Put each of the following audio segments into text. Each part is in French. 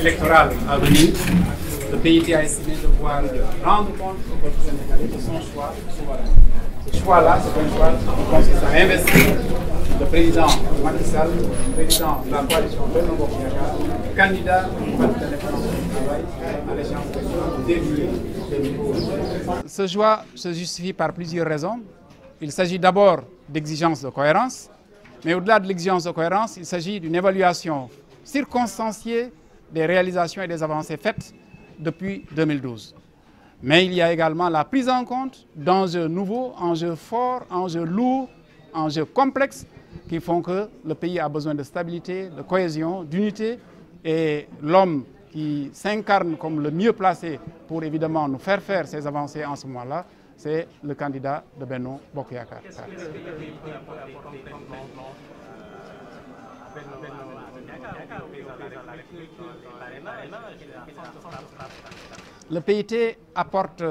électoral à venir, le PIT a estimé devoir rendre compte au de son choix souverain. Ce choix-là, c'est un choix qui consiste à investir le président Macky Sall, président de la coalition Benoît candidat du Parti travail à l'échéance de juillet Ce choix se justifie par plusieurs raisons. Il s'agit d'abord d'exigences de cohérence, mais au-delà de l'exigence de cohérence, il s'agit d'une évaluation circonstanciée des réalisations et des avancées faites depuis 2012. Mais il y a également la prise en compte d'enjeux nouveaux, enjeux forts, enjeux lourds, enjeux complexes qui font que le pays a besoin de stabilité, de cohésion, d'unité. Et l'homme qui s'incarne comme le mieux placé pour évidemment nous faire faire ces avancées en ce moment-là, c'est le candidat de Benoît Bokuyaka. Le PIT apporte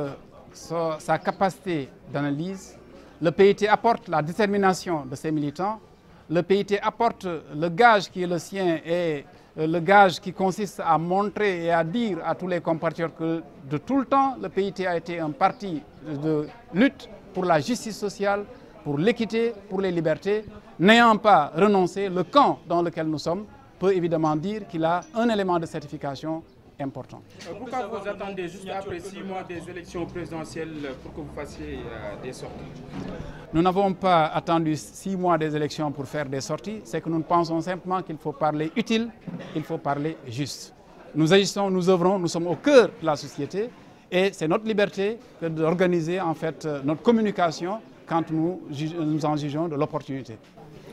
sa capacité d'analyse, le PIT apporte la détermination de ses militants, le PIT apporte le gage qui est le sien et euh, le gage qui consiste à montrer et à dire à tous les compatriotes que de tout le temps, le PIT a été un parti de lutte pour la justice sociale, pour l'équité, pour les libertés, n'ayant pas renoncé, le camp dans lequel nous sommes peut évidemment dire qu'il a un élément de certification important. Euh, pourquoi vous attendez juste après six mois des élections présidentielles pour que vous fassiez euh, des sorties Nous n'avons pas attendu six mois des élections pour faire des sorties. C'est que nous pensons simplement qu'il faut parler utile, il faut parler juste. Nous agissons, nous œuvrons, nous sommes au cœur de la société et c'est notre liberté d'organiser en fait euh, notre communication quand nous, nous en jugeons de l'opportunité.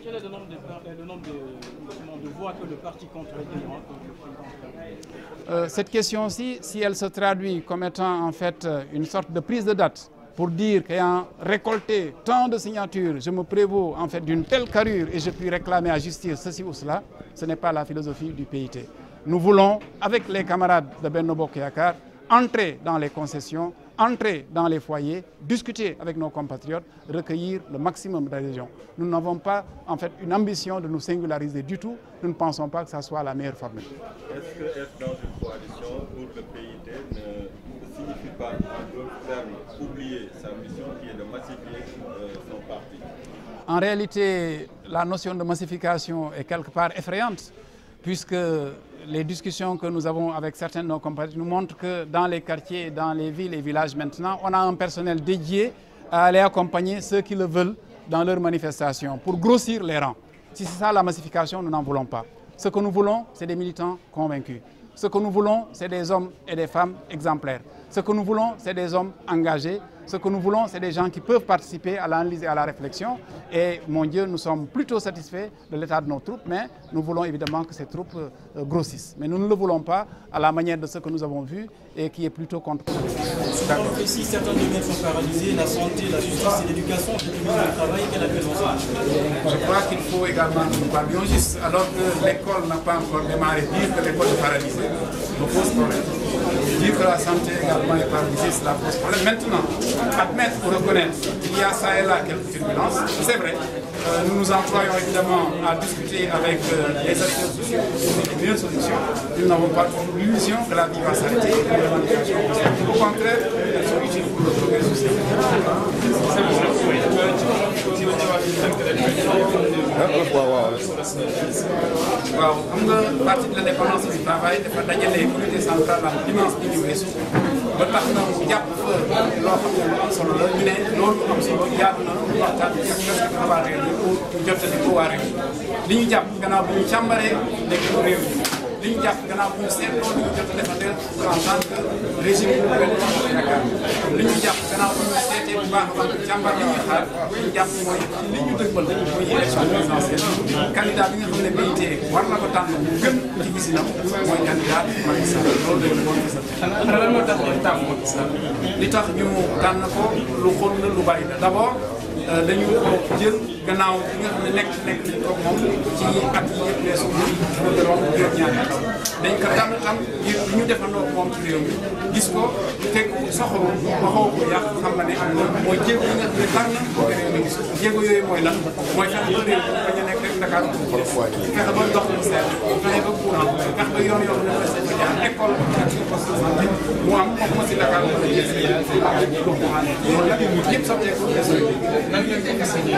Quel est le nombre, de, voix que le parti contre hein, euh, Cette question ci si elle se traduit comme étant en fait euh, une sorte de prise de date pour dire qu'ayant récolté tant de signatures, je me prévaux en fait d'une telle carrure et je puis réclamer à justice ceci ou cela, ce n'est pas la philosophie du PIT. Nous voulons, avec les camarades de Benobo Kéakar, entrer dans les concessions entrer dans les foyers, discuter avec nos compatriotes, recueillir le maximum d'adhésions. Nous n'avons pas en fait une ambition de nous singulariser du tout. Nous ne pensons pas que ça soit la meilleure formule. Est-ce que être dans une coalition pour le PIT ne signifie pas en d'autres termes oublier sa mission qui est de massifier euh, son parti En réalité, la notion de massification est quelque part effrayante puisque les discussions que nous avons avec certains de nos compatriotes nous montrent que dans les quartiers, dans les villes et villages maintenant, on a un personnel dédié à aller accompagner ceux qui le veulent dans leurs manifestations pour grossir les rangs. Si c'est ça la massification, nous n'en voulons pas. Ce que nous voulons, c'est des militants convaincus. Ce que nous voulons, c'est des hommes et des femmes exemplaires. Ce que nous voulons, c'est des hommes engagés ce que nous voulons, c'est des gens qui peuvent participer à l'analyse et à la réflexion. Et mon Dieu, nous sommes plutôt satisfaits de l'état de nos troupes, mais nous voulons évidemment que ces troupes euh, grossissent. Mais nous ne le voulons pas à la manière de ce que nous avons vu et qui est plutôt contre. Si si certains domaines sont paralysés, la santé, la justice et l'éducation, c'est du travail qu'elle a ah, Je crois qu'il faut également que nous parlions juste, alors que l'école n'a pas encore démarré, dire que l'école est paralysée, nous pose problème que la santé également est paralysée, cela grosse problème. Maintenant, admettre ou reconnaître qu'il y a ça et là quelques turbulences, c'est vrai. Euh, nous nous employons évidemment à discuter avec euh, les acteurs sociaux les meilleures solutions. Nous n'avons pas l'illusion que la vie va s'arrêter et que Au contraire, elles sont pour le progrès social. waaw waaw. waaw xam nga parti de l'indépendance du travail dafa dajale comité central am dimanche bi ñu weesu ba tax na jàpp fa loo xam ne lu am solo la ñu ne loolu am solo yaatu na waxtaan bi ak kese bi waa réew mi pour jotali ko waa réew mi li ñu jàpp gannaaw bu ñu càmbaree nekk réew mi. li ñu jàpp gannaaw bu ñu seetloo li ñu jot a defal leen en tant que régime bu Benno Bokk Yaakaar li ñu jàpp gannaaw bu ñu seetee bu baax a baax jàmbar ñu jàpp mooy li ñu dëgmal mooy élection présidentielle bi nga xam ne BIT war na ko tànn bu gën ci gisinam mooy candidat Macky Sall loolu dañu ko gisal. lan moo tax ñu tànn Macky Sall li tax ñu tànn ko lu xóot la lu bari la Euh, dañu jël gannaaw bi xam ne nekk nekk nañ ko moom ci at yi yëpp weesu muy juróom ñaari at dañ ko daan am ngir ñu defandoo moom ci réew mi gis ko teg xam ne na mooy jéego yi nga xam ne tar na ko réew mi gis jéego yooyu mooy lan mooy fexe ba réew mi bañ a nekk rek Dakar fexe ba ndox mu seet fexe ba courant fexe ba yoon yoo xam ne sañ mu am waxuma si Dakar mu ngi des ay ay loolu nag ñun ñëpp sax nekk nan ngeen ko gis ñu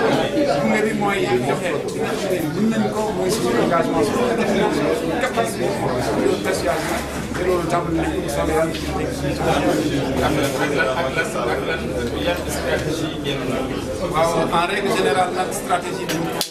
gunge bi mooy joxe li nga xam ne mën nañu ko mooy suñu engagement suñu capacité de persuasion te loolu tàmbali nañ ko incha allah ci teg ci ci ak la ak la yan stratégie ngeen waaw en règle générale nag stratégie bi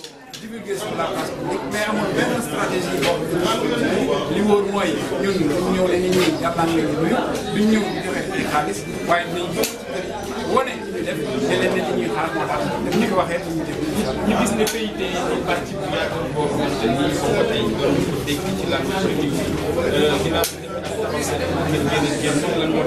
divulguer sur la place publique mais amul benn stratégie boobu li wóor mooy ñun ñu ñëw dañuy ñëw jàppaan leen di nuyu duñ ñëw di joxe ay xaalis waaye dinañ jóg ci kër yi wane li ñuy def te leen ne li ñuy xaar moo tax def ñu ko waxee ñu def ñu gis ne pays tey ñu parti bu yaakaar boo xamante ni foofu tey dégg ci la nationalité ginnaaw bi dafa taxaw sa dem ngeen génn génn lan moo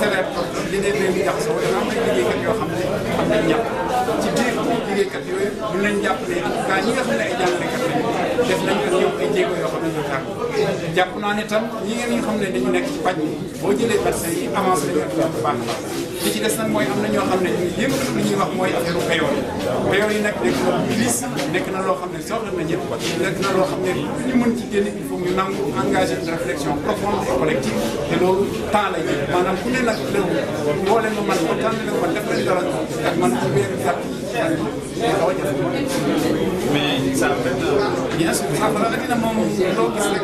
léegi léeg réew mi jaxasoo dana am yoo xam ne am nañ ñàkk ci biir liggéeykat yooyu ñu leen jàpp ne en tout cas xam ne ay jàpp naa ne tam ñi ngeen xam ne dañu nekk ci paj boo jëlee vaccin yi avancé nañu ak bu a li ci am na ñoo xam ne ñu yëngatu li ñuy wax mooy affaire payoor yi payoor yi nag nekk na glis nekk na loo xam ne soxla na na loo xam ne lu ñu mën ci génn il faut ñu nangu engagé une réflexion profonde et collective te loolu temps la jël maanaam ku ne nag léw boole nga man ko tànn nga la dina moom loo gis rek